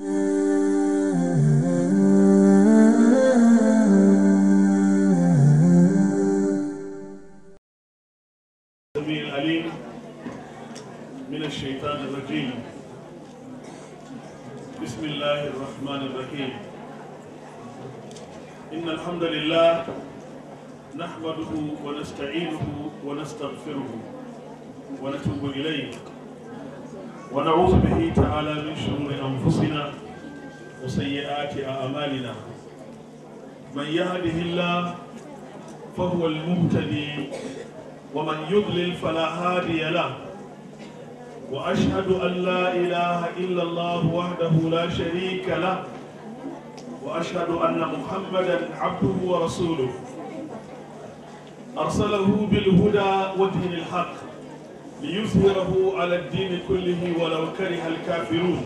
mm من يهده الله فهو المهتدي ومن يضلل فلا هادي له وأشهد أن لا إله إلا الله وحده لا شريك له وأشهد أن محمدا عبده ورسوله أرسله بالهدى ودين الحق ليظهره على الدين كله ولو كره الكافرون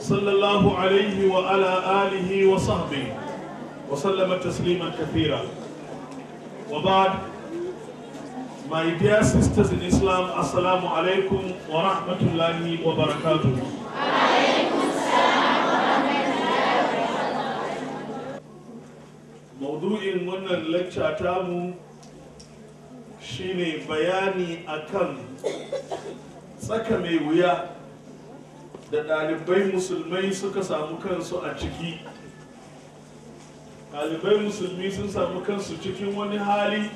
صلى الله عليه وعلى آله وصحبه وسلم تسليما كثيرا وبعد My dear sisters in Islam, Assalamu alaikum wa rahmatullahi wa barakatuh. Maudu'in wannan lecture tamu shine bayani akan tsaka mai wuya da ɗalibai musulmai suka samu kansu a ciki. ɗalibai musulmi sun samu kansu cikin wani hali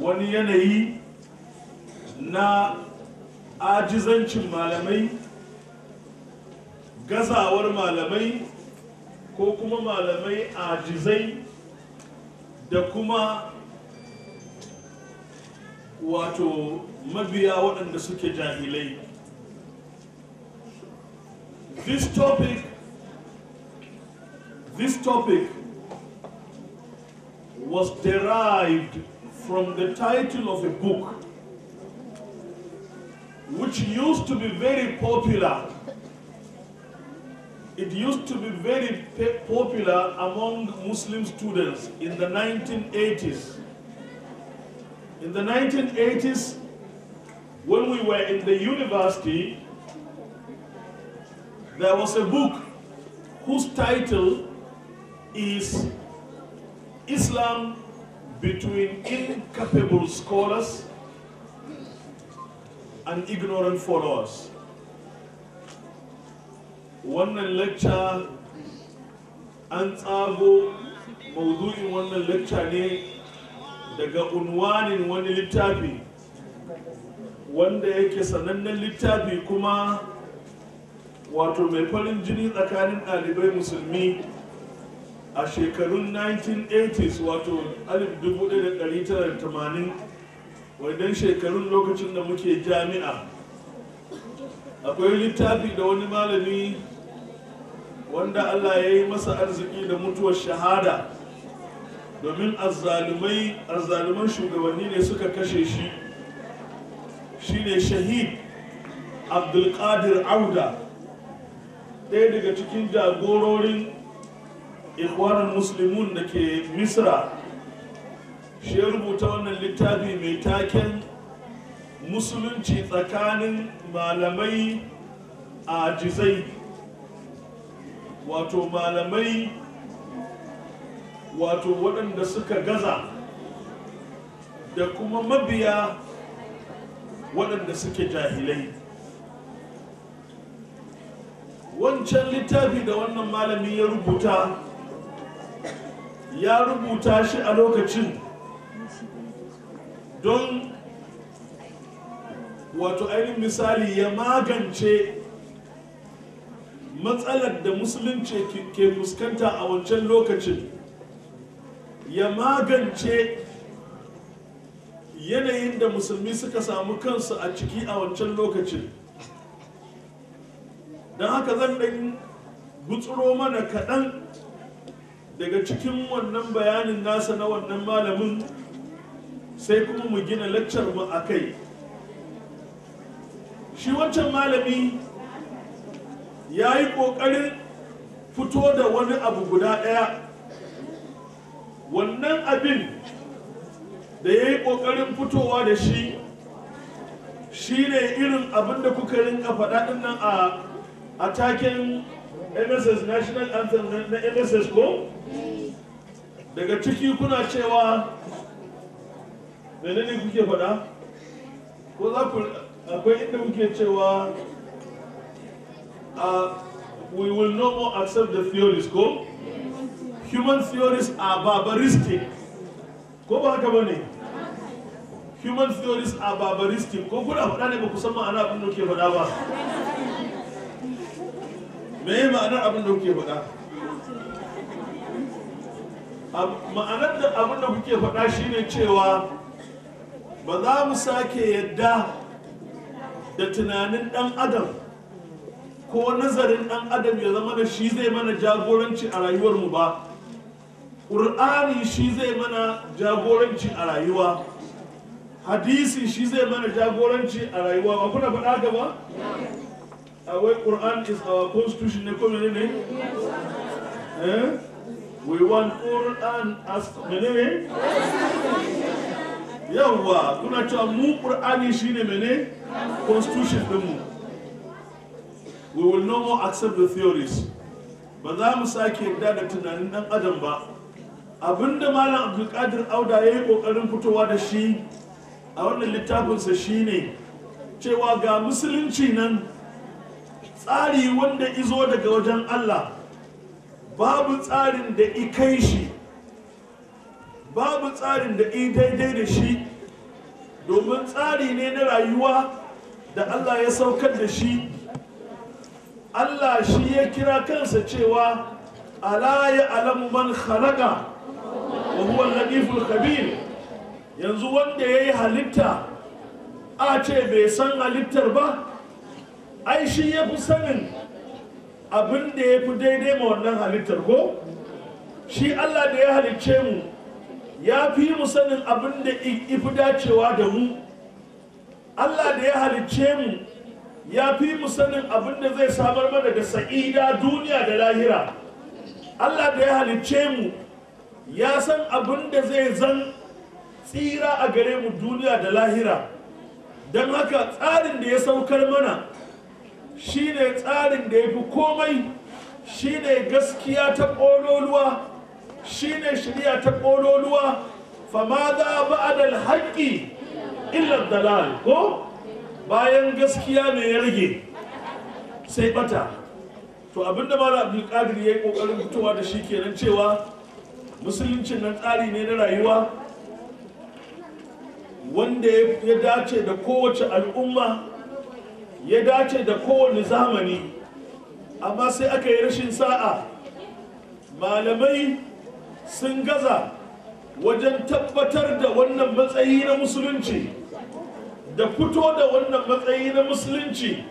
wani yanayi na ajizancin malamai gazawar malamai ko kuma malamai ajizai da kuma wato mabiya waɗanda suke jahilai this topic this topic was derived from the title of a book which used to be very popular. It used to be very popular among Muslim students in the 1980s. In the 1980s, when we were in the university, there was a book whose title is Islam between incapable scholars and ignorant followers. Wannan lecture an tsago maudu'in wannan lecture ne daga unwanin wani littafi wanda yake sanannen littafi kuma wato mai farin jini tsakanin ɗalibai musulmi a shekarun 1980s wato 1980 wadannan shekarun lokacin da muke jami'a akwai littafi da wani malami wanda allah ya yi masa arziki da mutuwar shahada domin azzaluman shugabanni ne suka kashe shi shine shahid abdulkadir auda ɗaya daga cikin jagororin ikhwanul muslimun da ke misra shi rubuta wannan littafi mai taken musulunci tsakanin malamai a jizai wato malamai wato waɗanda suka gaza da kuma mabiya waɗanda suke jahilai wancan littafi da wannan malami ya rubuta ya rubuta shi a lokacin don wato ainihin misali ya magance matsalar da musulunci ke fuskanta a wancan lokacin ya magance yanayin da musulmi suka samu kansu a ciki a wancan lokacin don haka zan ɗan gutsuro mana kaɗan daga cikin wannan bayanin nasa na wannan malamin sai kuma mu gina lakcar mu a kai shi wancan malami ya yi ƙoƙarin fito da wani abu guda ɗaya wannan abin da ya yi ƙoƙarin fitowa da shi shi ne irin abin da kuka rinka faɗaɗin nan a taken mss national anthem na mss ko daga ciki kuna cewa menene kuke faɗa ko za ku akwai inda kuke cewa ah, we will no more accept the theories ko human theories are barbaristic ko ba haka ba ne human theories are barbaristic ko kuna faɗa ne ba ku san ma'ana abin da ke faɗa ba me ma'anar abin da kuke faɗa ma'anar da abin da kuke faɗa shine cewa ba za mu sake yadda da tunanin ɗan adam ko nazarin ɗan adam ya zama da shi zai mana jagoranci a rayuwarmu ba ƙur'ani shi zai mana jagoranci a rayuwa hadisi shi zai mana jagoranci a rayuwa ba kuna faɗa gaba? ba wai Quran is our constitution ne ko ne eh we want Quran as ne yawa kuna cewa mu Qur'ani shine mene constitution din mu we will no more accept the theories ba za mu sake yadda da tunanin dan adam ba abinda malam abdulkadir auda ya yi kokarin fitowa da shi a wannan littafinsa shine cewa ga musulunci nan tsari wanda izo daga wajen Allah babu tsarin da i shi babu tsarin da i daidai da shi domin tsari ne na rayuwa da Allah ya saukar da shi Allah shi ya kira kansa cewa ala ya alamu man khalaqa wa huwa al khabir yanzu wanda yayi halitta a ce bai san halittar ba ai shi ya fi sanin abin da ya fi daidai ma wannan halittar ko shi Allah da ya halicce mu ya fi mu sanin abin da ifi dacewa da mu Allah da ya halicce mu ya fi mu sanin abin da zai samar mana da sa'ida duniya da lahira Allah da ya halicce mu ya san abin da zai zan tsira a gare mu duniya da lahira don haka tsarin da ya saukar mana shine tsarin da ya fi komai shine gaskiya ta ƙololuwa shine shirya ta ƙololuwa fama za ba'adal haƙƙi illar dalal ko bayan gaskiya mai ya rage sai bata to abinda mara abdulkadir ya yi kokarin fitowa da shi kenan cewa musuluncin nan tsari ne na rayuwa wanda ya dace da kowace al'umma ya dace da kowane zamani amma sai aka yi rashin sa'a malamai sun gaza wajen tabbatar da wannan matsayi na musulunci da fito da wannan matsayi na musulunci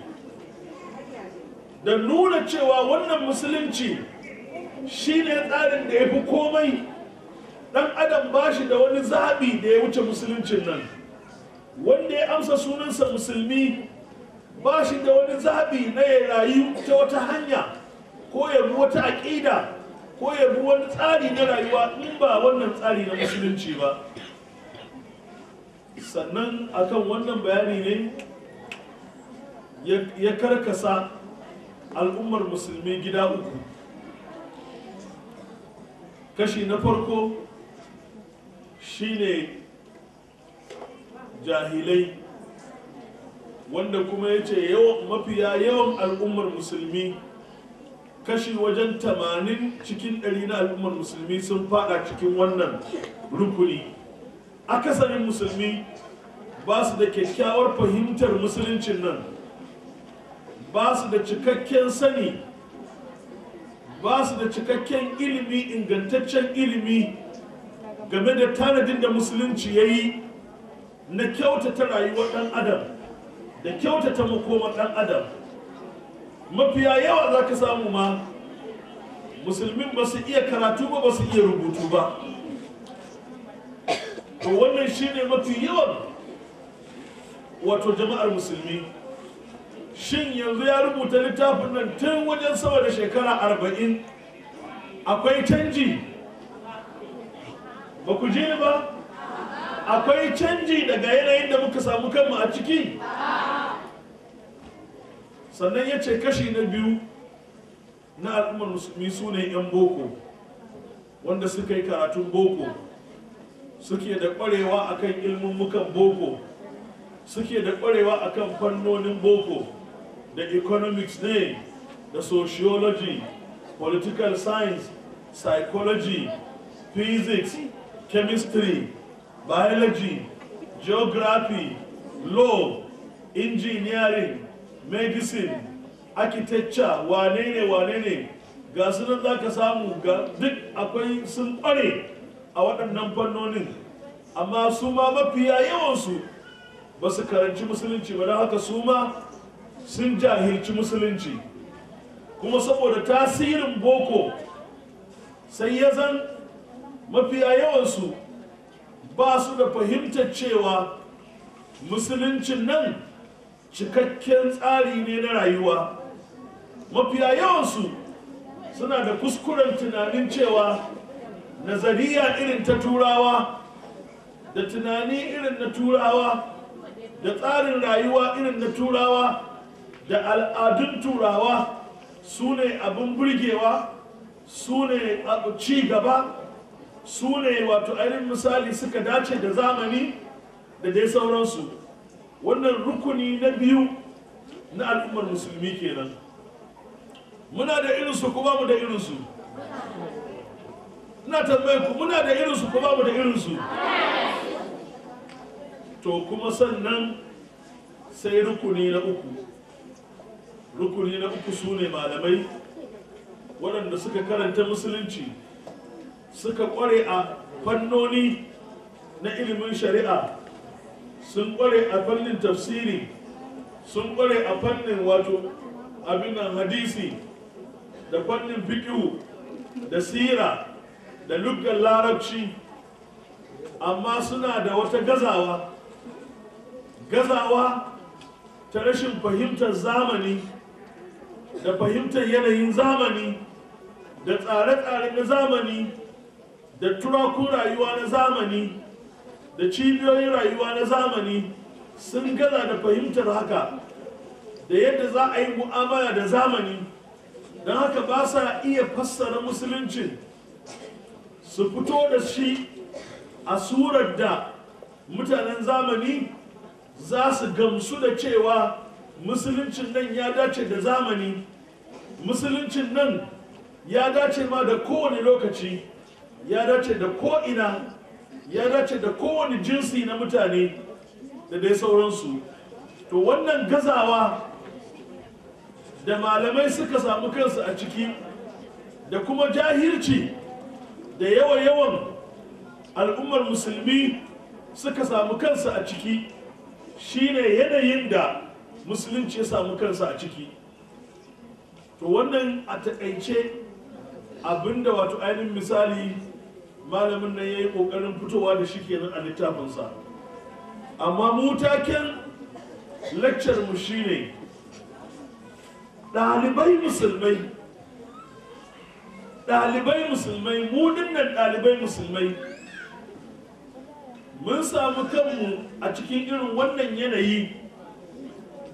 da nuna cewa wannan musulunci shi ne tsarin da ya fi komai ɗan adam ba shi da wani zaɓi da ya wuce musuluncin nan wanda ya amsa sunansa musulmi ba shi da wani zabi na ya rayu ta wata hanya ko ya bi wata aƙida ko ya bi wani tsari na rayuwa in ba wannan tsari na musulunci ba sannan akan wannan bayani ne ya karkasa al'ummar musulmi gida uku kashi na farko shine jahilai wanda kuma ya ce mafiya yawan al'ummar musulmi kashi wajen tamanin cikin ɗari na al'ummar musulmi sun fada cikin wannan rukuni akasarin musulmi ba su da kyakkyawar fahimtar musuluncin nan ba su da cikakken sani ba su da cikakken ilimi ingantaccen ilimi game da tanadin da musulunci ya yi na kyautata rayuwar ɗan adam da kyautata makoma ɗan adam mafiya yawa za ka samu ma musulmin ba su iya karatu ba ba su iya rubutu ba to wannan shine mafi yawan wato jama'ar musulmi shin yanzu ya rubuta littafin nan tun wajen sama da shekara arba'in akwai canji ba ku je ba akwai canji daga yanayin da muka samu kanmu a ciki sannan ya ce kashi na biyu na al'ummar musulmi su ne 'yan boko wanda suka yi karatun boko suke da kwarewa kan ilmummukan boko suke da kwarewa kan fannonin boko da economics ne da sociology political science psychology physics chemistry biology, geography, law, engineering, medicine, architecture, wane ne wane ne ga sunan za ka samu ga duk akwai sun ƙware a waɗannan fannonin amma su ma mafiya yawansu ba su karanci musulunci ba don haka su ma sun jahilci musulunci kuma saboda tasirin boko sai ya zan mafiya yawansu ba su da fahimtar cewa musuluncin nan cikakken tsari ne na rayuwa mafiya yawansu suna da kuskuren tunanin cewa nazariya irin ta turawa da tunani irin na turawa da tsarin rayuwa irin na turawa da al'adun turawa su ne abin burgewa su ne ci gaba su ne wato ainihin misali suka dace da zamani da dai sauransu wannan rukuni na biyu na al'ummar musulmi kenan muna da irinsu kuma mu da irinsu ina tambaye ku muna da irinsu kuma mu da irinsu to kuma sannan sai rukuni na uku rukuni na uku su ne malamai waɗanda suka karanta musulunci suka kware a fannoni na ilimin shari'a sun kware a fannin tafsiri sun kware a fannin wato abin hadisi da fannin fikihu da sira da lukkan larabci amma suna da wata gazawa gazawa ta rashin fahimtar zamani da fahimtar yanayin zamani da tsare-tsare na zamani da turakun rayuwa na zamani da cibiyoyin rayuwa na zamani sun gaza da fahimtar haka da yadda za a yi mu'amala da zamani don haka ba sa iya fassara musuluncin su fito da shi a surar da mutanen zamani za su gamsu da cewa musuluncin nan ya dace da zamani musuluncin nan ya dace ma da kowane lokaci ya dace da ko'ina ya dace da kowane jinsi na mutane da dai sauransu to wannan gazawa da malamai suka samu kansu a ciki da kuma jahirci da yawa-yawan al'ummar musulmi suka samu kansu a ciki shine yanayin da musulunci ya samu kansa a ciki to wannan a taƙaice abinda wato ainihin misali malamin nan ya yi ƙoƙarin fitowa da shi kenan a littafinsa amma mu taken lecture mu shine ɗalibai musulmai ɗalibai musulmai mu dinnan ɗalibai musulmai mun samu kanmu a cikin irin wannan yanayi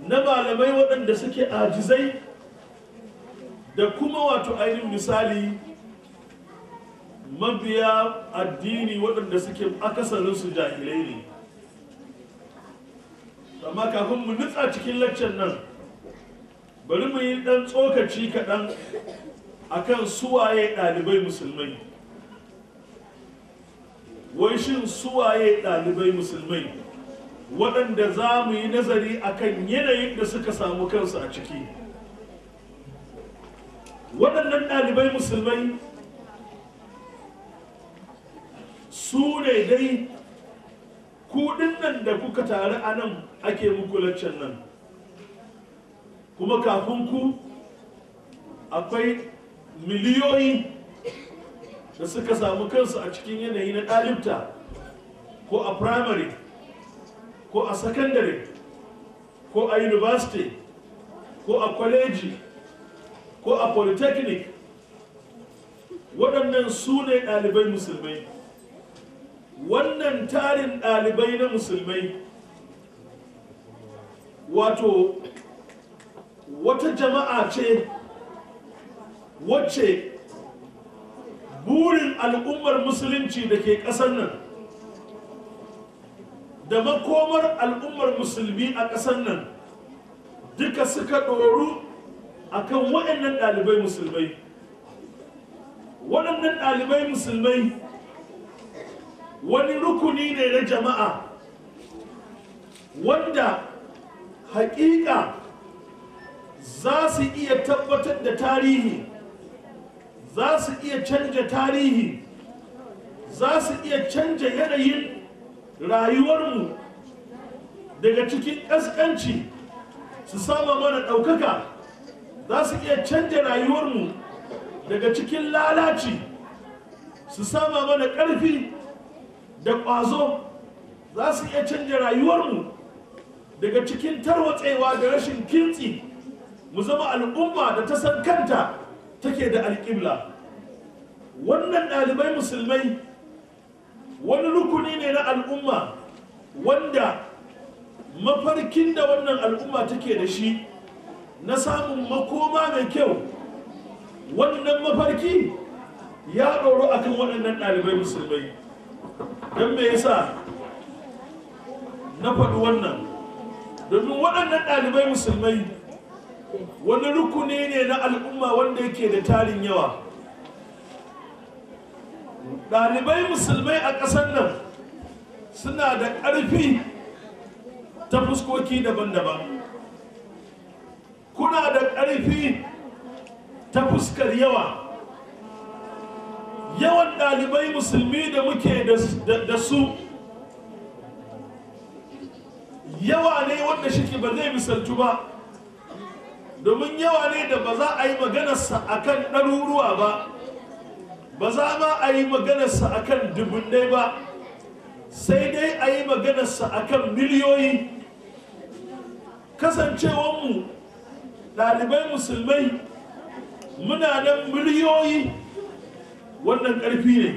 na malamai waɗanda suke ajizai da kuma wato ainihin misali mabiya addini waɗanda suke su jahilai ne amma kafin mu nutsa cikin laccan nan bari mu yi ɗan tsokaci kaɗan akan suwaye ɗalibai musulmai wai shin suwaye ɗalibai musulmai waɗanda za mu yi nazari akan yanayin da suka samu kansu a ciki waɗannan ɗalibai musulmai su ne dai kudin nan da kuka tare a nan ake muku laccan nan kuma kafin ku akwai miliyoyi da suka samu kansu a cikin yanayi na ɗalibta ko a primary ko a secondary ko a university ko a kwaleji ko a polytechnic waɗannan su ne ɗalibai musulmai wannan tarin ɗalibai na musulmai wato wata jama'a ce wacce burin al'ummar musulunci da ke ƙasar nan da makomar al'ummar musulmi a ƙasar nan duka suka ɗoru a kan waɗannan ɗalibai musulmai waɗannan ɗalibai musulmai wani rukuni ne na jama'a wanda hakika za su iya tabbatar da tarihi za su iya canja tarihi za su iya canja yanayin rayuwarmu daga cikin ƙasƙanci su sama mana ɗaukaka za su iya canja rayuwarmu daga cikin lalaci su sama mana ƙarfi da ƙwazo za su iya canja rayuwarmu daga cikin tarwatsewa da rashin kintsi mu zama al'umma da ta san kanta take da alƙibla wannan ɗalibai musulmai wani rukuni ne na al'umma wanda mafarkin da wannan al'umma take da shi na samun makoma mai kyau wannan mafarki ya ɗoro akan waɗannan ɗalibai musulmai don me yasa na faɗi wannan domin waɗannan ɗalibai musulmai wani rukuni ne na al'umma wanda yake da tarin yawa ɗalibai musulmai a ƙasar nan suna da ƙarfi ta fuskoki daban-daban kuna da ƙarfi ta fuskar yawa yawan ɗalibai musulmi da muke da su yawa ne wanda shike ba zai misaltu ba domin yawa ne da ba za a yi maganarsa a kan ɗaruruwa ba ba za ma a yi maganarsa a kan dubunnai ba sai dai a yi maganarsa a kan miliyoyi kasancewanmu ɗalibai musulmai muna nan miliyoyi wannan ƙarfi ne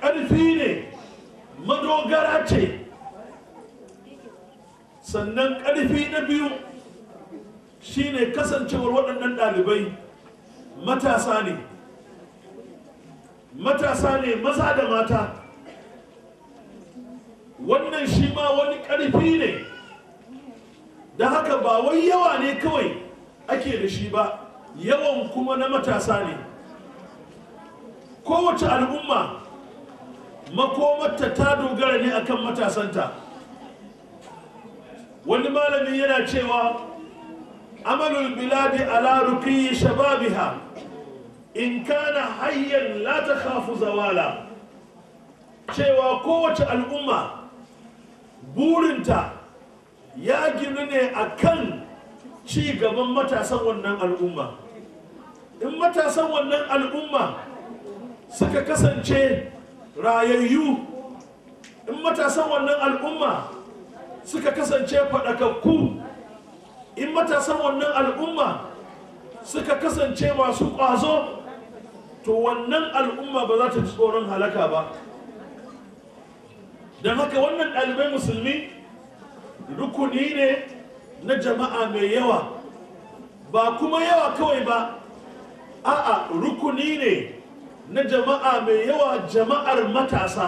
ƙarfi ne madogara ce sannan ƙarfi na biyu shine kasancewar waɗannan ɗalibai matasa ne matasa ne maza da mata wannan shi ma wani ƙarfi ne da haka ba wai yawa ne kawai ake da shi ba yawan kuma na matasa ne kowace al'umma makomarta ta dogara ne akan matasanta wani malamin yana cewa amalul biladi ala rukiyi shababiha in kana hayyan la ta khafu zawala cewa kowace al'umma burinta ya ginu ne akan ci gaban matasan wannan al'umma in matasan wannan al'umma suka kasance rayayyu in matasan wannan al'umma suka kasance faɗakakku in matasan wannan al'umma suka kasance masu ƙwazo to wannan al'umma ba za ta ci tsoron halaka ba don haka wannan ɗalibai musulmi rukuni ne na jama'a mai yawa ba kuma yawa kawai ba a'a rukuni ne na jama'a mai yawa jama'ar matasa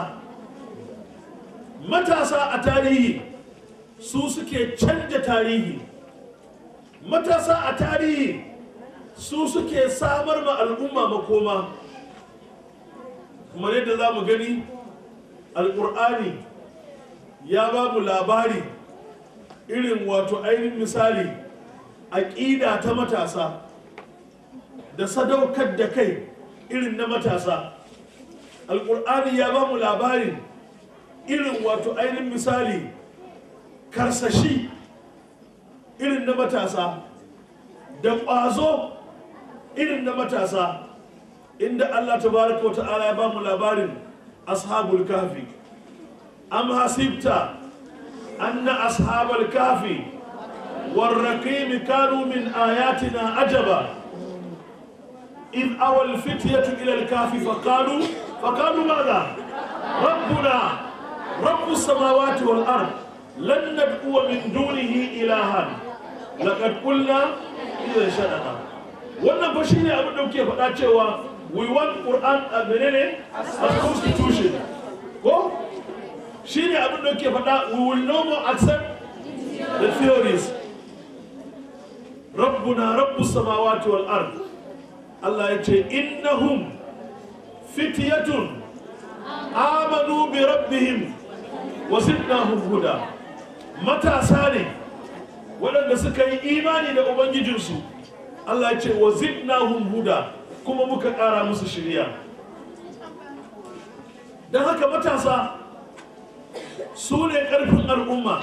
matasa a tarihi su suke canja tarihi matasa a tarihi su suke samar ma al'umma makoma kuma yadda za mu gani alƙur'ani ya ba mu labari irin wato ainihin misali aƙida ta matasa da sadaukar da kai irin na matasa alƙur'ani ya ba mu labarin irin wato ainihin misali karsashi irin na matasa da ƙwazo irin na matasa inda allah tabaraka wa ta'ala ya ba mu labarin ashabul kafi am hasibta anna ashabul kafi والرقيم كانوا من ajaba ajaba. إذ أوى الفتية إلى الكهف فقالوا فقالوا ماذا؟ ربنا رب السماوات والأرض لن ندعو من دونه إلها لقد قلنا إذا شاءنا wannan ba ne abin da kuke faɗa cewa we want Quran a menene as constitution ko ne abin da kuke faɗa we will no more accept the theories rabbuna rabbus samawati wal ardh Allah ya ce innahum fitiyatun amanu bi rabbihim wa zidnahum huda matasa ne waɗanda suka yi imani da ubangijinsu Allah ya ce wa zidnahum huda kuma muka ƙara musu shirya don haka matasa su ne ƙarfin al'umma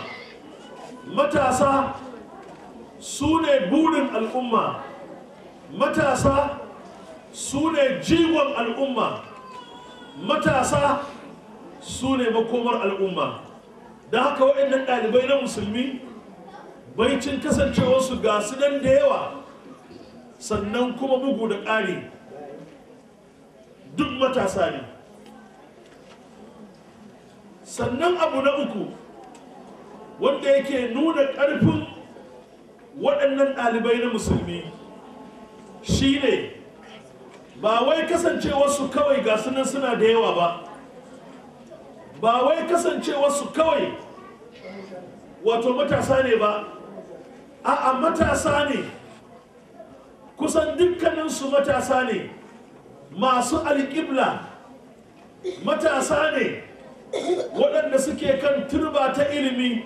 matasa su ne burin al'umma matasa Sune ne jigon al'umma matasa sune makomar al'umma da haka waɗannan ɗalibai na musulmi baicin kasancewarsu ga su nan da yawa sannan kuma bugu da ƙari duk matasa ne sannan abu na uku wanda yake nuna ƙarfin waɗannan ɗalibai na musulmi shine ne ba wai kasancewarsu kawai ga nan suna da yawa ba ba wai kasancewarsu kawai wato matasa ne ba a'a matasa ne kusan dukkaninsu matasa ne masu alƙibla matasa ne waɗanda suke kan turba ta ilimi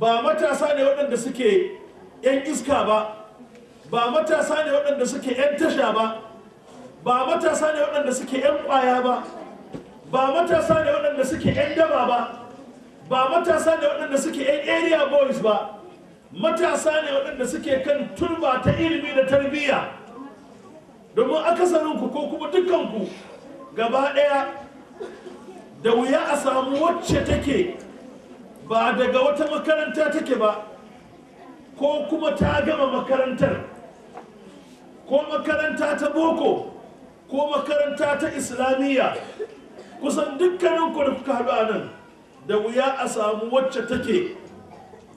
ba matasa ne waɗanda suke 'yan iska ba ba matasa ne waɗanda suke 'yan tasha ba ba matasa ne waɗanda suke 'yan ƙwaya ba ba matasa ne waɗanda suke 'yan daba ba ba matasa ne waɗanda suke 'yan area boys ba matasa ne waɗanda suke kan turba ta ilimi da tarbiyya domin akasarinku ko kuma dukkanku gaba ɗaya da wuya a samu wacce take ba daga wata makaranta take ba ko kuma ta gama makarantar ko makaranta ta boko ko makaranta ta islamiyya kusan dukkanin ku da kuka haɗu a nan da wuya a samu wacce take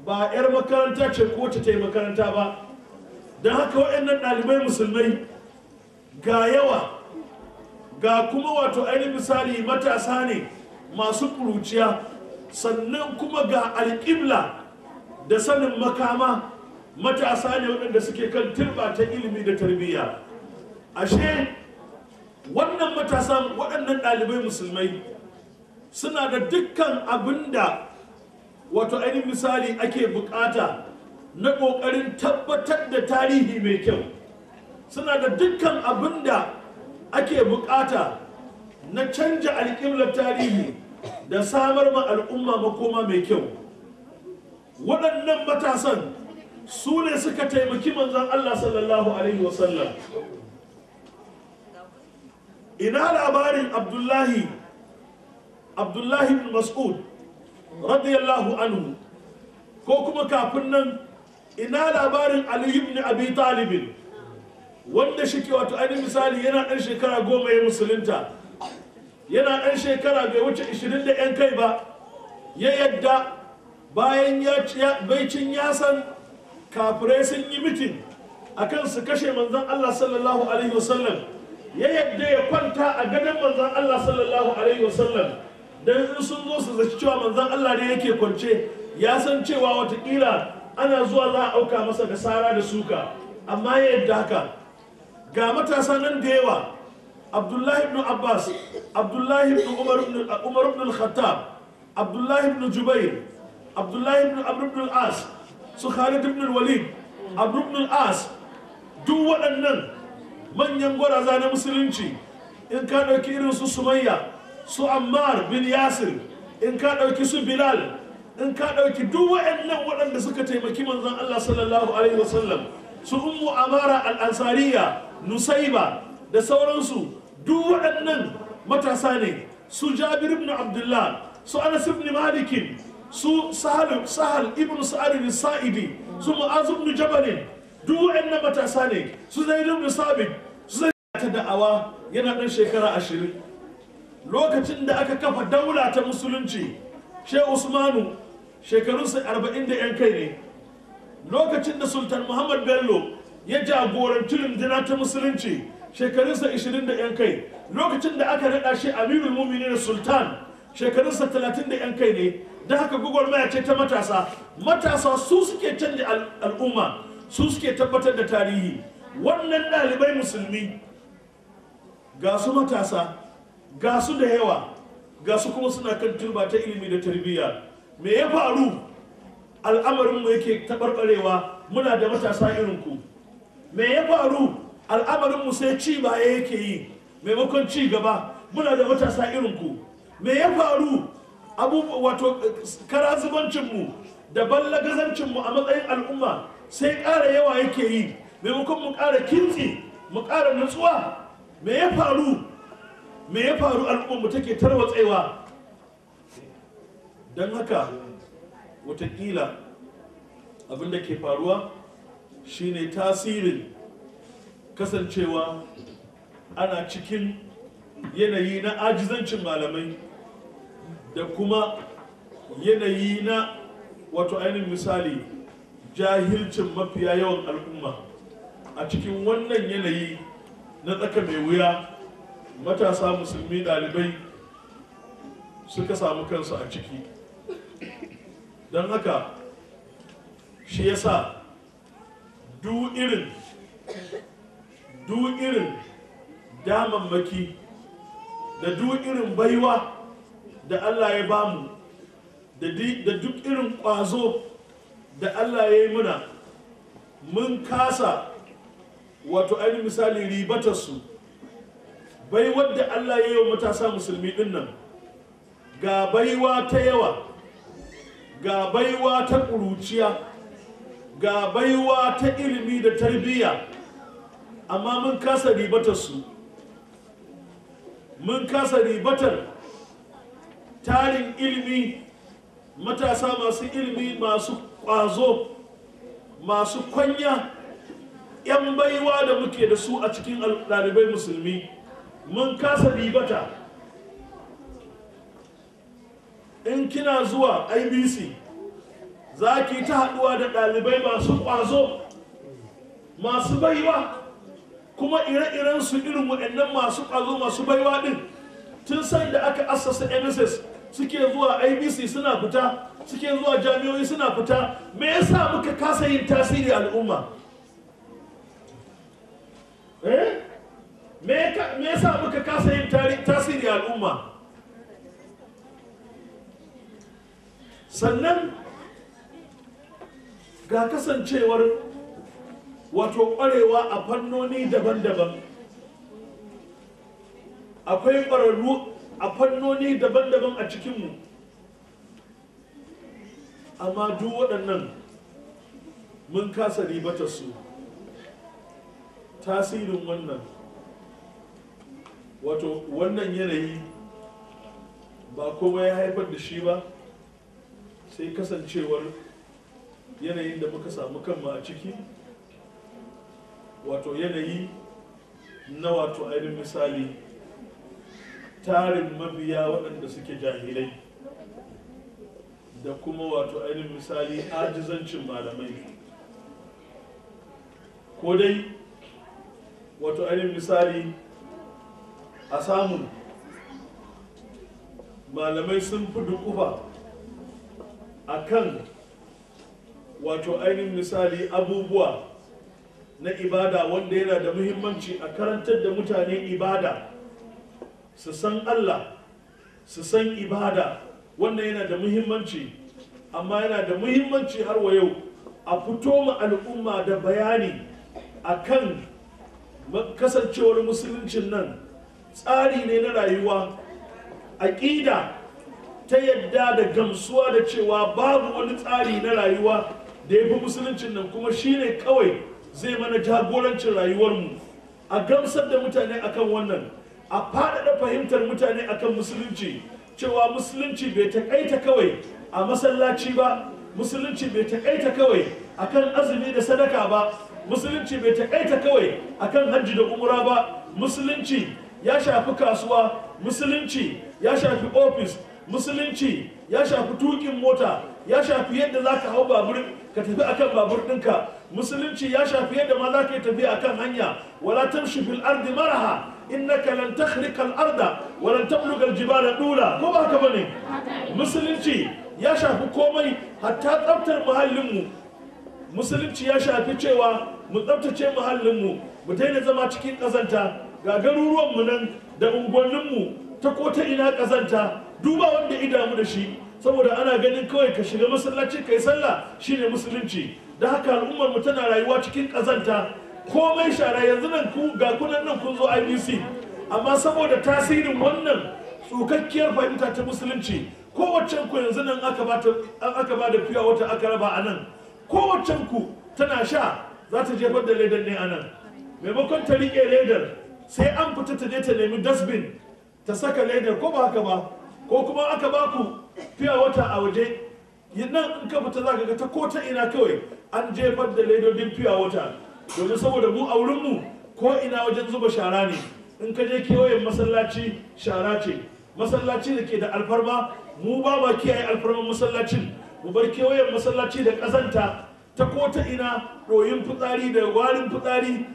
ba 'yar makaranta ce ko wacce ta yi makaranta ba don haka waɗannan ɗalibai musulmai ga yawa ga kuma wato ainihin misali matasa ne masu ƙuruciya sannan kuma ga alƙibla da sanin makama matasa ne waɗanda suke kan turba ta ilimi da tarbiyya ashe wannan matasan waɗannan ɗalibai musulmai suna da dukkan abin da wato ainihin misali ake bukata na ƙoƙarin tabbatar da tarihi mai kyau suna da dukkan abin da ake bukata na canja alƙiblar tarihi da samar ma al'umma makoma mai kyau waɗannan matasan su ne suka taimaki manzon Allah sallallahu alaihi wasallam ina labarin abdullahi abdullahi bin mas'ud radiyallahu anhu ko kuma kafin nan ina labarin ali ibn abi talibin wanda shi ke wato ainihin misali yana ɗan shekara goma ya musulunta yana ɗan shekara bai wuce 20 da 'yan kai ba ya yadda bayan ya baicin ya san kafirai sun yi mitin akan su kashe manzon allah sallallahu alaihi wasallam ya yadda ya kwanta a gadon manzan Allah sallallahu alaihi wasallam don in sun zo su zaci cewa manzan Allah ne yake kwance ya san cewa watakila ana zuwa za a auka masa da sara da suka amma ya yadda haka ga matasa nan da yawa abdullahi ibn abbas abdullahi ibn umar ibn al-khattab abdullahi ibn jubair abdullahi ibn amr ibn al-as su khalid ibn al-walid Abdullahi ibn al-as duk waɗannan manyan gwaraza na musulunci in ka ɗauki irin su sumayya su ammar bin yasir in ka ɗauki su bilal in ka ɗauki duk waɗannan waɗanda suka taimaki manzon allah sallallahu alaihi wasallam su ummu amara ansariya nusaiba da sauransu duk waɗannan matasa ne su jabir ibn abdullah su anas ibn su sahal ibn sa'id sa'idi su mu'az ibn duk na matasa ne su zai rin sabit su zai ta da'awa yana ɗan shekara ashirin lokacin da aka kafa daula ta musulunci she usmanu shekarunsa arba'in da yan kai ne lokacin da sultan muhammad bello ya jagoranci rundina ta musulunci shekarunsa ishirin da yan kai lokacin da aka naɗa shi amirul mumini da sultan shekarunsa talatin da yan kai ne da haka gwagwarmaya ce ta matasa matasa su suke canja al'umma su suke tabbatar da tarihi wannan ɗalibai musulmi ga su matasa ga su da yawa ga su kuma suna kan turba ta ilimi da tarbiyya me ya faru al'amarinmu yake taɓarɓarewa muna da matasa irinku me ya faru al'amarinmu sai ci baya yake yi maimakon ci gaba muna da matasa irinku me ya faru abubuwa wato kara zumuncinmu da ballagazancinmu a matsayin al'umma sai ƙara yawa yake yi maimakon mu ƙara kintsi mu ƙara nutsuwa me ya faru me ya faru al'ummu take tarwatsewa don haka watakila abinda ke faruwa shine tasirin kasancewa ana cikin yanayi na ajizancin malamai da kuma yanayi na wato ainihin misali jahilcin mafiya yawan al'umma a cikin wannan yanayi na tsaka mai wuya matasa musulmi ɗalibai suka samu kansu a ciki don haka shi yasa du irin du irin damammaki da du irin baiwa da allah ya bamu da duk irin ƙwazo da Allah ya yi muna mun kasa wato ainihin misali ribatarsu bai wadda Allah ya yi wa matasa musulmi din nan ga baiwa ta yawa ga baiwa ta ƙuruciya ga baiwa ta ilimi da tarbiyya amma mun kasa ribatarsu mun kasa ribatar tarin ilimi matasa masu ilimi masu ƙwazo masu kwanya 'yan baiwa da muke da su a cikin ɗalibai musulmi mun kasa ribata in kina zuwa ibc za ki ta haɗuwa da ɗalibai masu ƙwazo masu baiwa kuma ire-irensu irin waɗannan masu ƙwazo masu baiwa ɗin tun sanda aka assasa nss suke zuwa ibc suna fita suke zuwa jami'o'i suna fita me yasa muka kasa yin tasiri al'umma eh me yasa muka kasa yin tasiri al'umma sannan ga kasancewar wato ƙwarewa a fannoni daban-daban akwai ƙwararru a fannoni daban-daban a cikinmu amma duk waɗannan mun kasa ribata su tasirin wannan wato wannan yanayi ba komai ya haifar da shi ba sai kasancewar yanayin da muka samu kanmu a ciki wato yanayi na wato ainihin misali tarin mabiya waɗanda suke jahilai da kuma wato ainihin misali ajizancin malamai ko dai wato ainihin misali a samun malamai sun fi dukufa a kan wato ainihin misali abubuwa na ibada wanda yana da muhimmanci a karantar da mutane ibada su san Allah su san ibada wannan yana da muhimmanci amma yana da muhimmanci har wa yau a fito ma al'umma da bayani a kan kasancewar musuluncin nan tsari ne na rayuwa aƙida ta yadda da gamsuwa da cewa babu wani tsari na rayuwa da ya fi musuluncin nan kuma shine kawai zai mana jagorancin rayuwarmu a gamsar da mutane akan wannan a faɗaɗa fahimtar mutane akan musulunci cewa musulunci bai takaita kawai a masallaci ba musulunci bai taƙaita kawai akan azumi da sadaka ba musulunci bai taƙaita kawai akan hajji da umra ba musulunci ya shafi kasuwa musulunci ya shafi ofis musulunci ya shafi tukin mota ya shafi yadda za ka hau babur ka tafi akan babur ɗinka musulunci ya shafi yadda ma za ka yi akan hanya wala tamshi fil ardi maraha innaka lan takhriqa al-arda wa lan tabluga al dula ko ba haka bane musulunci ya shafi komai hatta tsaftar muhallinmu musulunci ya shafi cewa mu tsaftace muhallinmu mu daina zama cikin ƙazanta ga mu nan da unguwanninmu ta ko ta ina ƙazanta duba wanda idamu da shi saboda ana ganin kawai ka shiga masallaci kai sallah shine musulunci da haka al'ummar mu tana rayuwa cikin ƙazanta komai shara yanzu nan ku ga kunan nan kun zo IBC amma saboda tasirin wannan tsokakkiyar fahimta ta musulunci kowaccen ku yanzu nan aka ba da fiya wata aka raba anan nan ku tana sha za ta jefar da ledar ne a nan maimakon ta riƙe ledar sai an fita ta je ta nemi dustbin ta saka ledar ko ba haka ba ko kuma aka ba ku fiya wata a waje nan in ka fita za ka ga ta ko ta ina kawai an jefar da ledodin fiya wata domin saboda mu a wurinmu ko ina wajen zuba shara ne in ka je kewayen masallaci shara ce masallaci da ke da alfarma mu ba ma kiyaye alfarman masallacin mu bar kewayen masallaci da ƙazanta ta ko ta ina ɗoyin fitsari da warin fitsari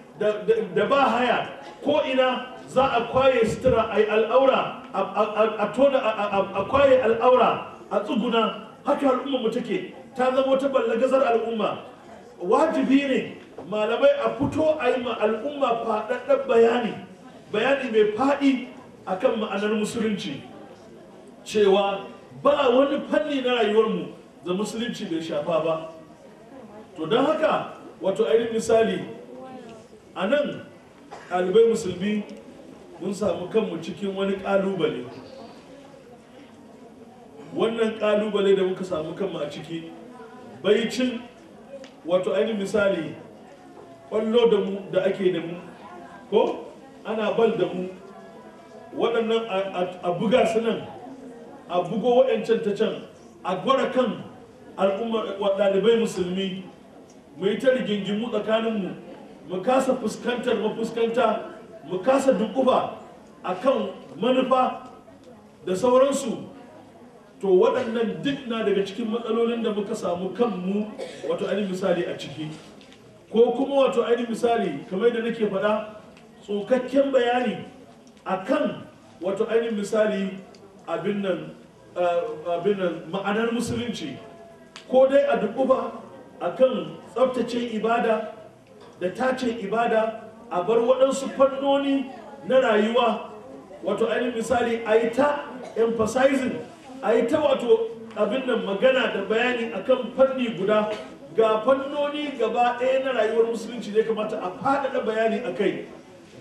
da ba haya ko ina za a kwaye sutura a yi al'aura a tona a kwaye al'aura a tsuguna haka al'umma mu take ta zama wata ballagazar al'umma wajibi ne malamai a fito a yi ma al'umma faɗaɗɗen bayani bayani mai faɗi a kan ma'anar musulunci cewa ba wani fanni na rayuwarmu da musulunci bai shafa ba to don haka wato ainihin misali a nan ɗalibai musulmi mun samu kanmu cikin wani ƙalubale wannan ƙalubale da muka samu kanmu a ciki baicin wato ainihin misali Ƙwallo da mu da ake da mu ko ana bal da mu waɗannan a buga su nan a bugo waɗancan ta can a gwara kan al'ummar ɗalibai musulmi mu yi ta rigingimu tsakaninmu mu kasa fuskantar fuskanta mu kasa dukuba a kan manufa da sauransu to waɗannan duk na daga cikin matsalolin da muka samu kanmu wato ainihin misali a ciki ko kuma wato ainihin misali kamar da nake faɗa tsokakken bayani kan wato ainihin misali eh, abin nan ma'anar musulunci ko dai a dukuba akan tsabtace ibada da tace ibada a bar waɗansu fannoni na rayuwa wato ainihin misali a yi ta emphasizing a yi ta wato abin nan magana da bayani akan fanni guda ga fannoni gaba ɗaya na rayuwar musulunci da kamata a faɗaɗa bayani a kai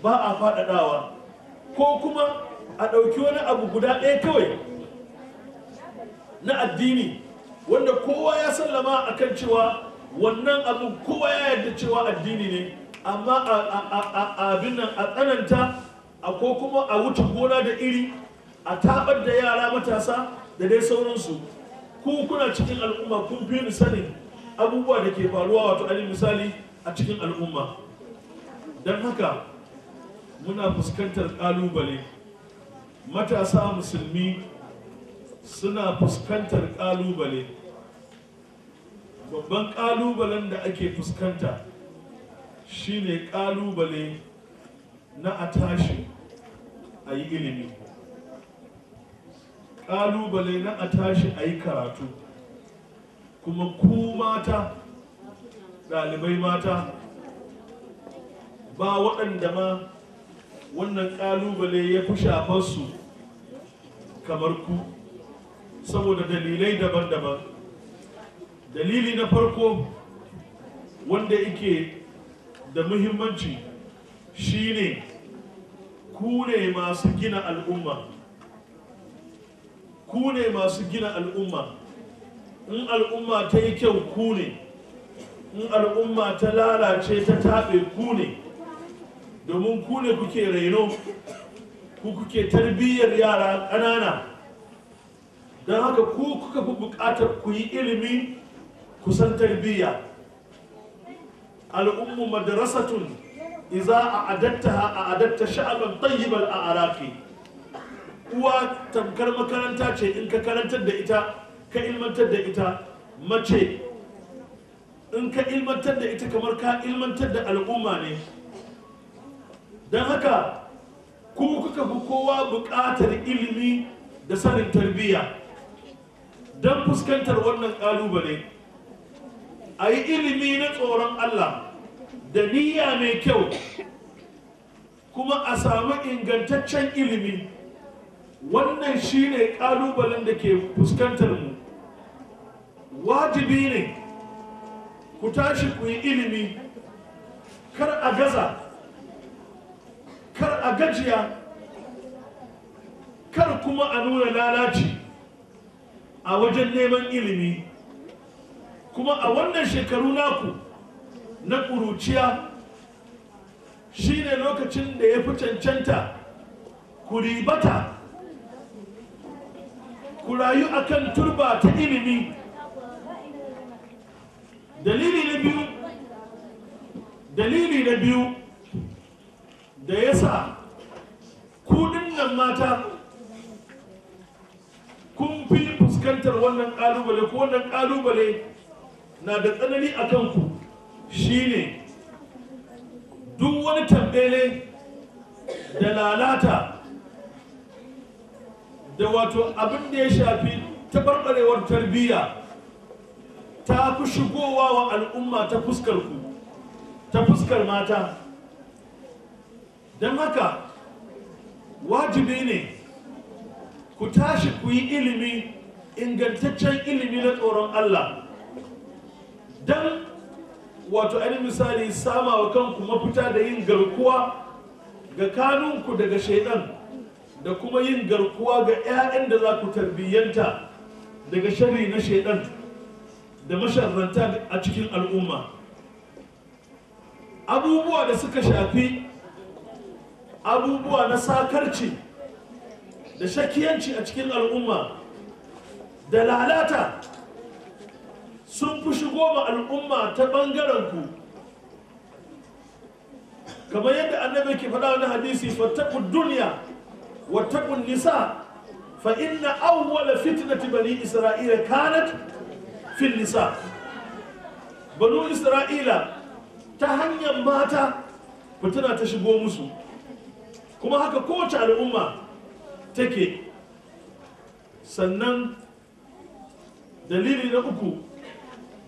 ba a faɗaɗawa ko kuma a ɗauki wani abu guda ɗaya kawai na addini wanda kowa ya sallama a kan cewa wannan abu kowa ya yarda cewa addini ne amma a abin nan a tsananta a ko kuma a wuce gona da iri a taɓar da yara matasa da dai sauransu ku kuna cikin al'umma kun fi ni sanin abubuwa da ke faruwa wato alin misali a cikin al'umma don haka muna fuskantar kalubale matasa musulmi suna fuskantar kalubale babban kalubalen da ake fuskanta shine kalubale na a tashi a yi ilimi kalubale na a tashi a yi karatu kuma ku mata ɗalibai mata ba waɗanda ma wannan ƙalubale ya fi su kamar ku saboda dalilai daban-daban dalili na farko wanda yake da muhimmanci shine ku ne masu gina al'umma ku ne masu gina al'umma in al'umma ta yi kyau ku ne in al'umma ta lalace ta taɓe ku ne domin ku ne kuke raino ku kuke tarbiyyar yara ƙanana don haka ku kuka fi buƙatar ku yi ilimi kusan tarbiyya al'ummu madrasatun iza a adatta a adatta sha'aban tayyiban a araki uwa tamkar makaranta ce in ka karantar da ita ka ilmantar da ita mace in ka ilmantar da ita kamar ka ilmantar da al'umma ne don haka kuma kuka fi kowa buƙatar ilimi da sanin tarbiyya don fuskantar wannan ƙalubale a yi ilimi na tsoron allah da niyya mai kyau kuma a samu ingantaccen ilimi wannan shine ƙalubalen da ke fuskantar mu wajibi ne ku tashi ku yi ilimi kar a gaza kar a gajiya kar kuma a nuna lalaci a wajen neman ilimi kuma a wannan shekaru naku na ƙuruciya shine lokacin da ya fi cancanta ku ribata ku rayu a kan turba ta ilimi dalili na biyu dalili na biyu da ya sa kudin nan mata kun fi fuskantar wannan kalubale ko wannan kalubale na da tsanani a kanku shine duk wani tambele da lalata da wato abin da ya shafi tabarbarewar tarbiyya ta fi shigowa wa al'umma ta fuskar ku ta fuskar mata don haka wajibi ne ku tashi ku yi ilimi ingantaccen ilimi na tsoron Allah don wato ainihin misali sama wa kanku mafita da yin garkuwa ga kanunku daga shaidan da kuma yin garkuwa ga 'ya'yan da za ku tarbiyyanta daga shari na shaidan da masharranta a cikin al'umma abubuwa da suka shafi abubuwa na sakarci da shakiyanci a cikin al'umma da lalata sun fi shigo ma al'umma ta ɓangaren ku kamar yadda annabi ke faɗa wani hadisi fattaƙun duniya wattaƙun nisa fa inna awwala fitnati bani isra'ila kanat fil nisa banu isra'ila ta hanyar mata fitina ta shigo musu kuma haka kowace al'umma take sannan dalili na uku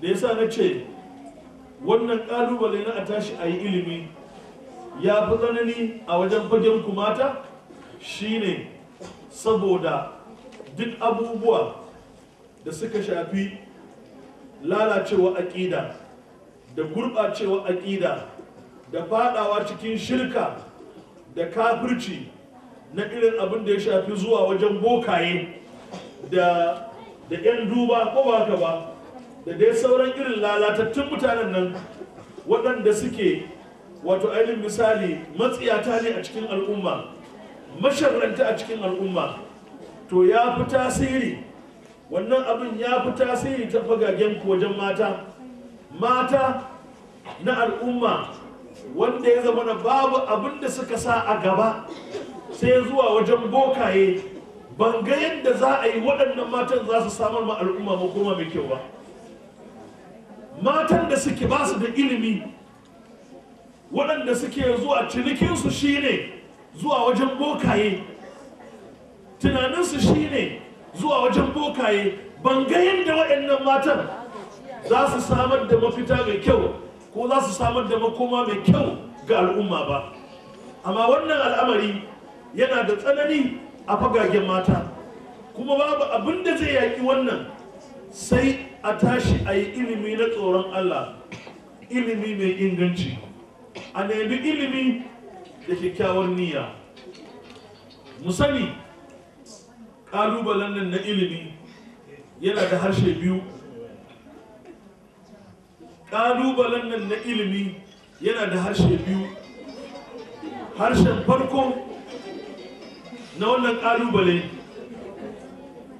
da ya sa na ce wannan kalubale na a tashi a yi ilimi ya fi tsanani a wajen fagen kumata shine saboda duk abubuwa da suka shafi lalacewa aƙida da gurɓacewa aƙida da faɗawa cikin shirka da kafirci na irin abin da ya shafi zuwa wajen bokaye da da 'yan duba ko ba ka ba da dai sauran irin lalatattun mutanen nan waɗanda suke wato ainihin misali matsiyata ne a cikin al'umma masharranta a cikin al'umma to ya fi tasiri wannan abin ya fi tasiri ta fagagen kojan mata mata na al'umma wanda ya zama na babu abin da suka sa a gaba sai zuwa wajen bokaye ban ga yadda za a yi waɗannan matan za su samar ma al'umma makoma mai kyau ba matan da suke ba su da ilimi waɗanda suke zuwa cinikinsu shine zuwa wajen bokaye tunaninsu shine zuwa wajen bokaye ban ga yadda waɗannan matan za su samar da mafita mai kyau ko za su samar da makoma mai kyau ga al'umma ba amma wannan al'amari yana da tsanani a fagagen mata kuma babu abin da zai yaƙi wannan sai a tashi a yi ilimi na tsoron allah ilimi mai inganci a nemi ilimi da kyakkyawar niyya mu sani ƙalubalen nan na ilimi yana da harshe biyu kalubalen nan na ilimi yana da harshe biyu harshen farko na wannan ƙalubale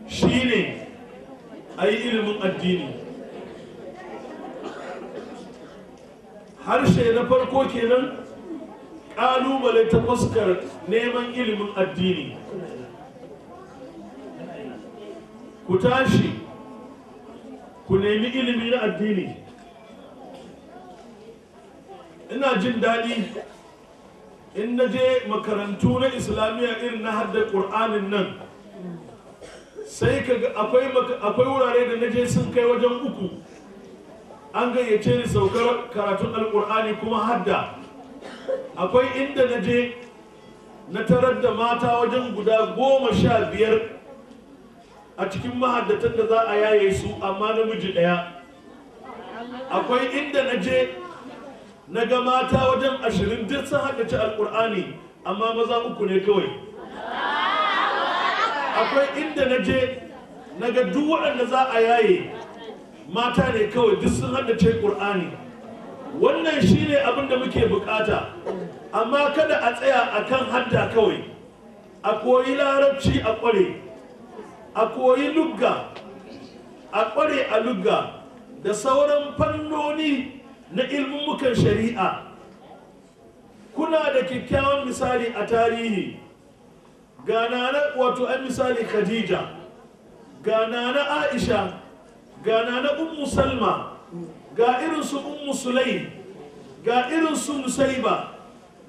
shine a yi ilimin addini harshe na farko kenan ƙalubale ta fuskar neman ilimin addini ku tashi ku nemi ilimi na addini ina jin daɗi in na je makarantu na islamiyya irin na haddar ƙur'anin nan sai kaga akwai wurare da na je sun kai wajen uku an gayyace ni saukar karatun alƙur'ani kuma hadda akwai inda na je na tarar da mata wajen guda goma sha biyar a cikin mahaddatan da za a yaye su amma namiji ɗaya akwai inda na je na ga mata wajen ashirin duk sun haddace alkur'ani amma maza uku ne kawai akwai inda na je na ga duk waɗanda za a yaye mata ne kawai duk sun haddace Alƙur'ani. wannan shi ne abin da muke bukata amma kada a tsaya a kan hadda kawai a koyi larabci a ƙware a koyi lugga a kware a lugga da sauran fannoni na ilmummukan shari'a kuna da kyakkyawan misali a tarihi ga na wato an misali khadija ga na aisha ga na ummu salma ga su ummu sulai ga su musaiba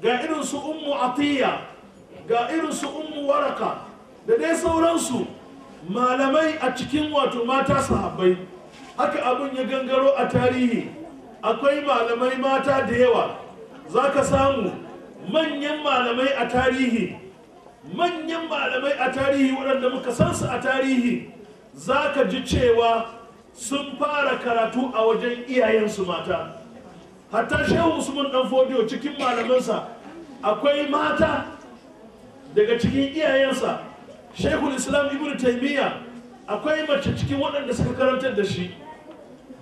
ga su ummu atiya ga su ummu waraka da dai sauransu malamai a cikin wato mata sahabbai haka abun ya gangaro a tarihi akwai malamai mata da yawa za ka samu manyan malamai a tarihi manyan malamai a tarihi waɗanda muka san su a tarihi za ka ji cewa sun fara karatu a wajen iyayensu mata hatta shehu usman dan fodiyo cikin malamansa akwai mata daga cikin iyayensa shekul islam ibn taimiyya akwai mace cikin waɗanda suka karantar da shi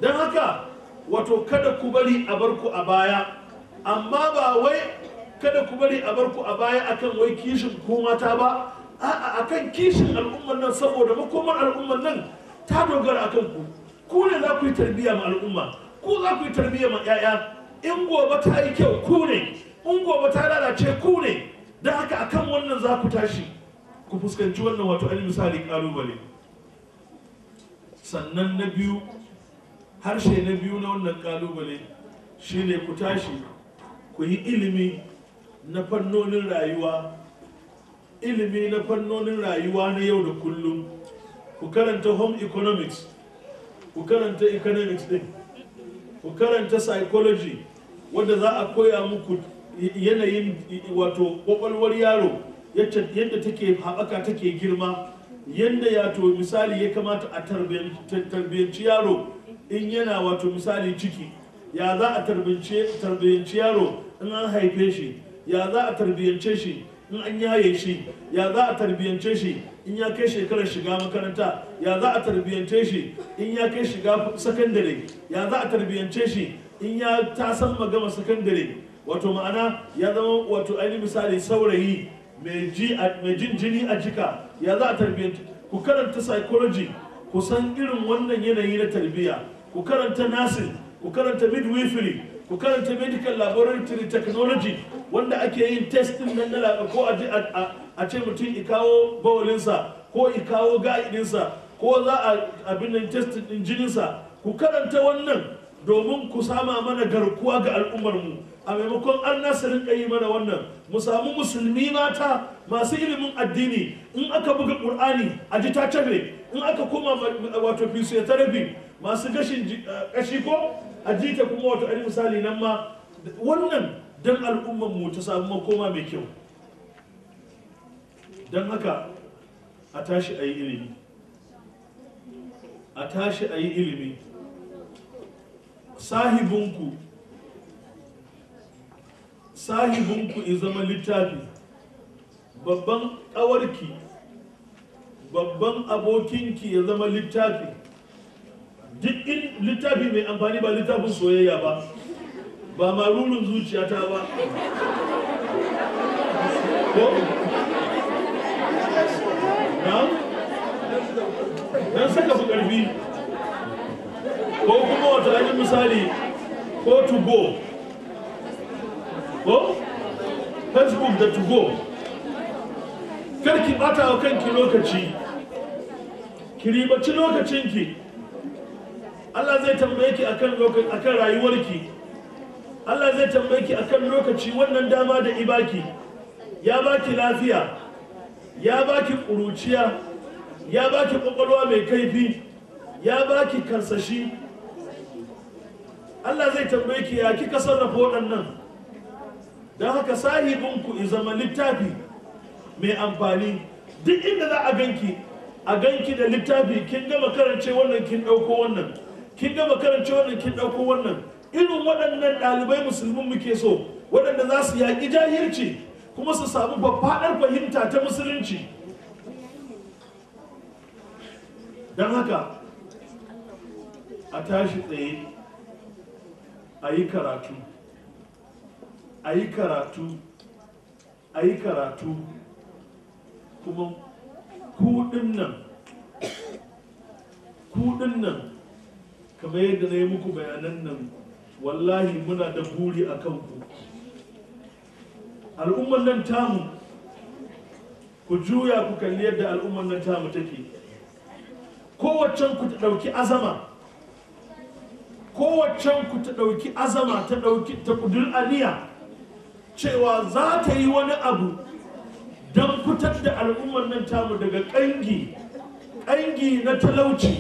don haka wato kada ku bari a barku a baya amma ba wai kada ku bari a barku a baya akan wai kishin ko ba a'a akan kishin al'ummar nan saboda makomar al'ummar nan ta dogara akan ku ku ne za ku yi tarbiyya ma al'umma ku za ku yi tarbiyya ma 'ya'ya in gobe ta yi kyau ku ne in gobe ta lalace ku ne don haka akan wannan za ku tashi ku fuskanci wannan wato ainihin misali kalubale sannan na biyu harshe na biyu na wannan kalubale shine ku tashi ku yi ilimi na fannonin rayuwa ilimi na fannonin rayuwa na yau da kullum ku karanta home economics ku karanta economics din ku karanta psychology wadda za a koya muku yanayin wato kwakwalwar yaro yadda take haɓaka take girma yadda ya to misali ya kamata a tarbiyyanci yaro in yana wato misali ciki ya za a tarbiyyanci yaro in an haife shi ya za a tarbiyyance shi in an yaye shi ya za a tarbiyyance shi in ya kai shekarar shiga makaranta ya za a tarbiyyance shi in ya kai shiga sakandare ya za a tarbiyyance shi in ya tasan magama sakandare wato ma'ana ya zama wato ainihin misali saurayi mai jin jini a jika ya za a tarbiyyar ku karanta psychology ku san irin wannan yanayi na tarbiyya ku karanta nursing ku karanta midwifery ku karanta medical laboratory technology wanda ake yin testin nan na ko a ce mutum ikawo bawalinsa ko ikawo ga'idinsa ko za a abin nan testin ɗin jininsa ku karanta wannan domin ku sama mana garkuwa ga al'ummarmu a maimakon an nasirin yi mana wannan mu samu musulmi mata masu ilimin addini in aka buga ƙur'ani a ji ta cabe in aka koma wato physiotherapy masu gashin kashi eh, ko a ji ta kuma wato ainihin misali nan ma wannan don al'ummar mu ta samu makoma mai kyau don haka a tashi a yi ilimi a tashi a yi ilimi sahibinku sahibinku ya zama littafi babban ƙawarki babban abokinki ya zama littafi duk in littafi mai amfani ba littafin soyayya ba ba marurin zuciyata ba ko don saka fi ƙarfi ko kuma wata misali ko to go facebook da to go karki bata wa kanki lokaci ki ribaci lokacinki Allah zai tambaye ki akan rayuwarki Allah zai tambaye ki akan lokaci wannan dama da ibaki ya baki lafiya ya baki ƙuruciya. ya baki ƙwaƙwalwa mai kaifi ya baki karsashi Allah zai tambaye ki ya kika sarrafa waɗannan don haka sahibinku ya zama littafi mai amfani duk inda za a ganki a ganki da littafi kin gama karance wannan kin ɗauko wannan kin gama karance wannan kin ɗauko wannan irin waɗannan ɗalibai musulmin muke so waɗanda za su yaƙi jahilci kuma su samu faɗar fahimta ta musulunci don haka a tashi tsaye a yi karatu a yi karatu a yi karatu kuma kudin nan kudin nan kamar yadda na yi muku bayanan nan wallahi muna da buri a kanku al'ummar nan tamu ku juya ku kalli yadda al'ummar nan tamu take kowaccen ku ta ɗauki azama kowaccen ku ta ɗauki azama ta ɗauki ta ƙudur aliya cewa za ta yi wani abu don fitar da al'ummar nan tamu daga ƙangi ƙangi na talauci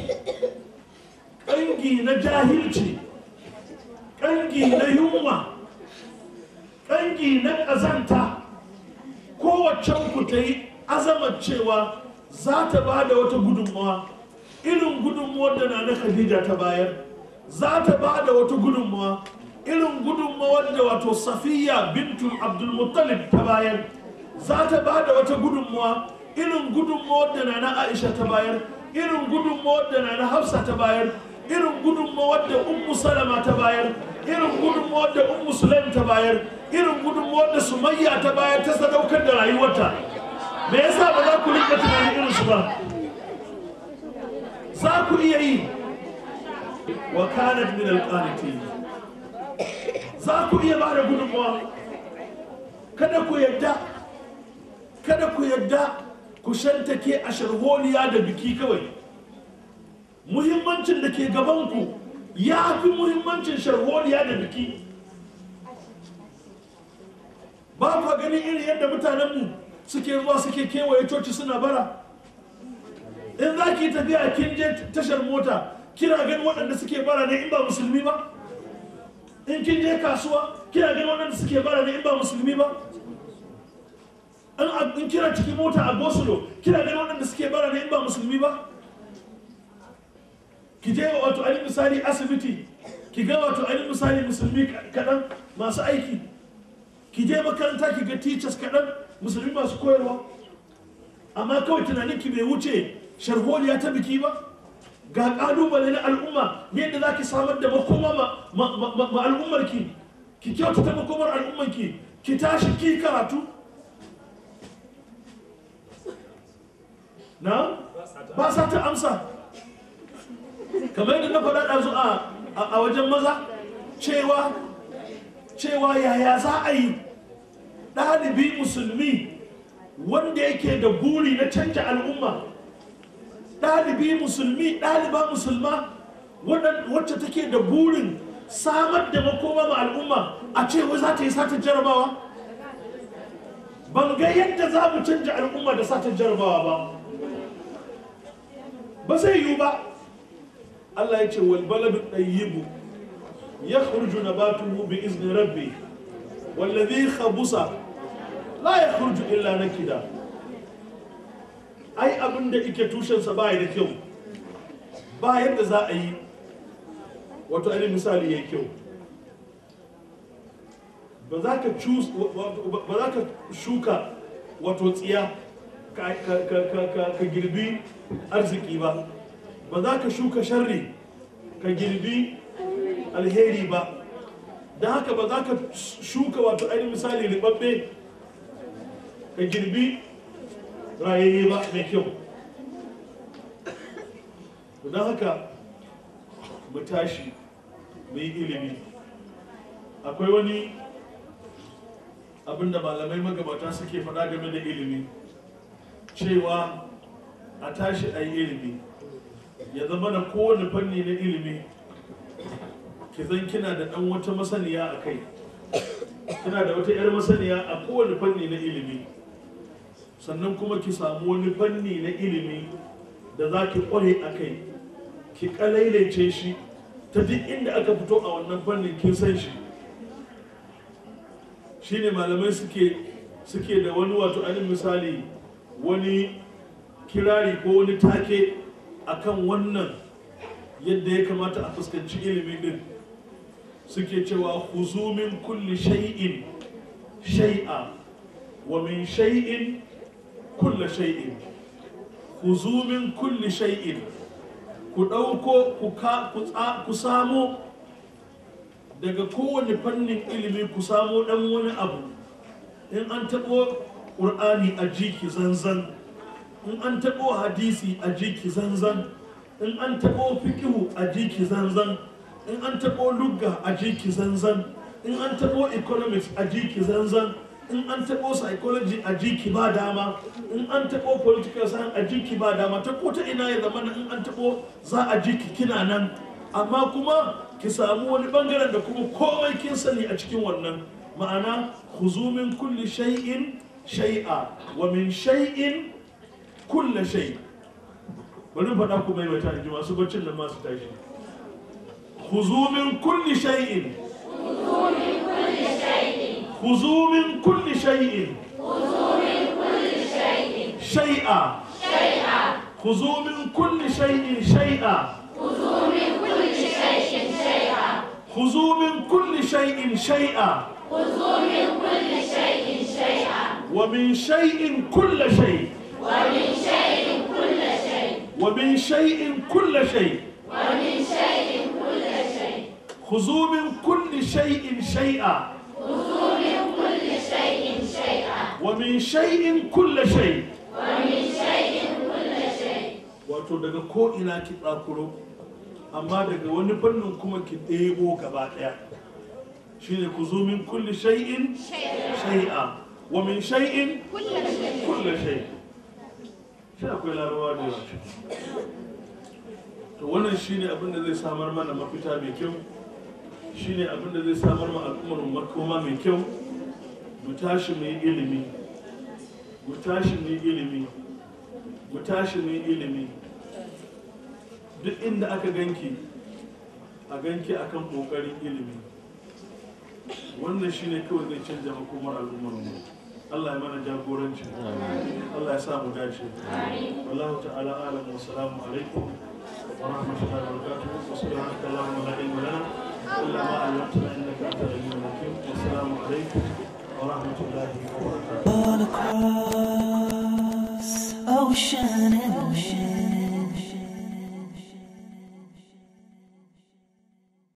ƙangi na jahilci ƙangi na yunwa ƙangi na ƙazanta kowace ku ta yi azamar cewa za ta ba da wata gudunmawa irin gudunmawar da na na khadija ta bayar za ta ba da wata gudunmawa irin gudunmawar da wato safiya bintu abdulmuttalib ta bayar za ta ba da wata gudunmawa irin gudunmawar da na aisha ta bayar irin gudunmawar da na hafsa ta bayar irin gudunmawar da ummu salama ta bayar irin gudunmawar da ummu sulaim ta bayar irin gudunmawar da sumayya ta bayar ta sadaukar da rayuwarta me yasa ba za ku rika tunanin irin su ba za ku iya yi wa kanat min al-qanitin za ku iya ba da gudunmuwa kada ku yadda kada ku yadda ku shantake a sharholiya da biki kawai muhimmancin da ke gabanku ya fi muhimmancin sharholiya da biki ba ku ganin irin yadda mutanenmu suke zuwa suke kewaye coci suna bara in za ki tafiya kin je tashar mota kina ganin waɗanda suke bara ne in ba musulmi ba in kin je kasuwa kina ganin da suke bara ne in ba musulmi ba in kira cikin mota a gosulo kina ganin da suke bara ne in ba musulmi ba ki je wato ainihin misali asibiti ki ga wato ainihin misali musulmi kaɗan masu aiki ki je makaranta ki ga teachers kaɗan musulmi masu koyarwa amma kawai tunanin ki bai wuce sharholiya ta biki ba ga ƙalubale na al'umma yadda za ki samar da makoma ma al'ummarki ki kyautata makomar al'ummarki ki tashi ki karatu na ba sa ta amsa kamar yadda na faɗa ɗazu a wajen maza cewa cewa yaya za a yi ɗalibi musulmi wanda yake da buri na canja al'umma ɗalibi musulmi ɗaliba musulma wacce take da burin samar da makoma ma al'umma a ce wai za ta yi satar jarabawa ban ga yadda za mu canja al'umma da satar jarabawa ba ba zai yiwu ba Allah ya ce wal baladu ɗayyibu ya kurju na batuhu bi izni rabbi wallazi khabusa la ya kurju illa na kida ai abin da ike tushensa ba da kyau ba yadda za a yi wato ainihin misali ya kyau ba za ka shuka wato tsiya ka girbi arziki ba ba za ka shuka sharri ka girbi alheri ba da haka ba za ka shuka wato ainihin misali ribabbe ka girbi rayayye ba mai kyau don haka mu tashi mu yi ilimi akwai wani abinda malamai magabata suke faɗa game da ilimi cewa a tashi a yi ilimi ya zama da kowane fanni na ilimi ki zan kina da ɗan wata masaniya a kai kina da wata 'yar masaniya a kowane fanni na ilimi sannan kuma ki samu wani fanni na ilimi da za ki kware a kai ki kalailace shi ta duk inda aka fito a wannan fannin kin san shi shine malamai suke da wani wato anin misali wani kirari ko wani take akan wannan yadda ya kamata a fuskanci ilimi din suke cewa huzumin kulli shay'in shay'a wa min sha'i'in. kulla shay'in khuzu min kulli shay'in ku ɗauko ku samo daga kowane fannin ilimi ku samo ɗan wani abu in an taɓo ƙur'ani a jiki zanzan in an taɓo hadisi a jiki zanzan in an taɓo fikihu a jiki zanzan in an taɓo lugga a jiki zanzan in an taɓo economics a jiki zanzan in an taɓo psychology a jiki ba dama in an taɓo political science a jiki ba dama ta ko ina ya zama na in an taɓo za a jiki kina nan amma kuma ki samu wani bangaren da kuma komai kin sani a cikin wannan ma'ana huzumin kulli shay'in shay'a wa min shay'in kulla shay bari faɗa ku mai mata inji masu baccin nan masu tashi huzumin kulli shay'in huzumin kulli shay'in خذوا من كل شيء خذوا من كل شيء شيئا شيئا خذوا من كل شيء شيئا خذوا من كل شيء شيئا خذوا من كل شيء شيئا خذوا من كل شيء شيئا ومن شيء كل شيء ومن شيء كل شيء ومن شيء كل شيء ومن شيء كل شيء خذوا من كل شيء شيئا خذوا ومن شيء كل شيء ومن شيء كل شيء wato daga ko ina ki tsakuro amma daga wani fannin kuma ki ɗebo gaba ɗaya shine ku zo min kulli shay'in shay'a wa min shay'in kulli shay shi akwai larabawa da to wannan shine abin da zai samar mana mafita mai kyau shine abin da zai samar ma al'ummar makoma mai kyau mu tashi mu yi ilimi mu tashi mu yi ilimi mu tashi mu yi ilimi duk inda aka ganki a ganki akan kokarin ilimi wannan shine kawai zai canza hukumar al'ummarmu. Allah ya mana jagoranci Allah ya sa mu dace wallahu ta'ala alamu assalamu alaikum wa rahmatullahi wa barakatuh wa subhanaka allahumma la ilma lana illa ma 'allamtana innaka antal alimul hakim assalamu alaikum All across ocean and ocean.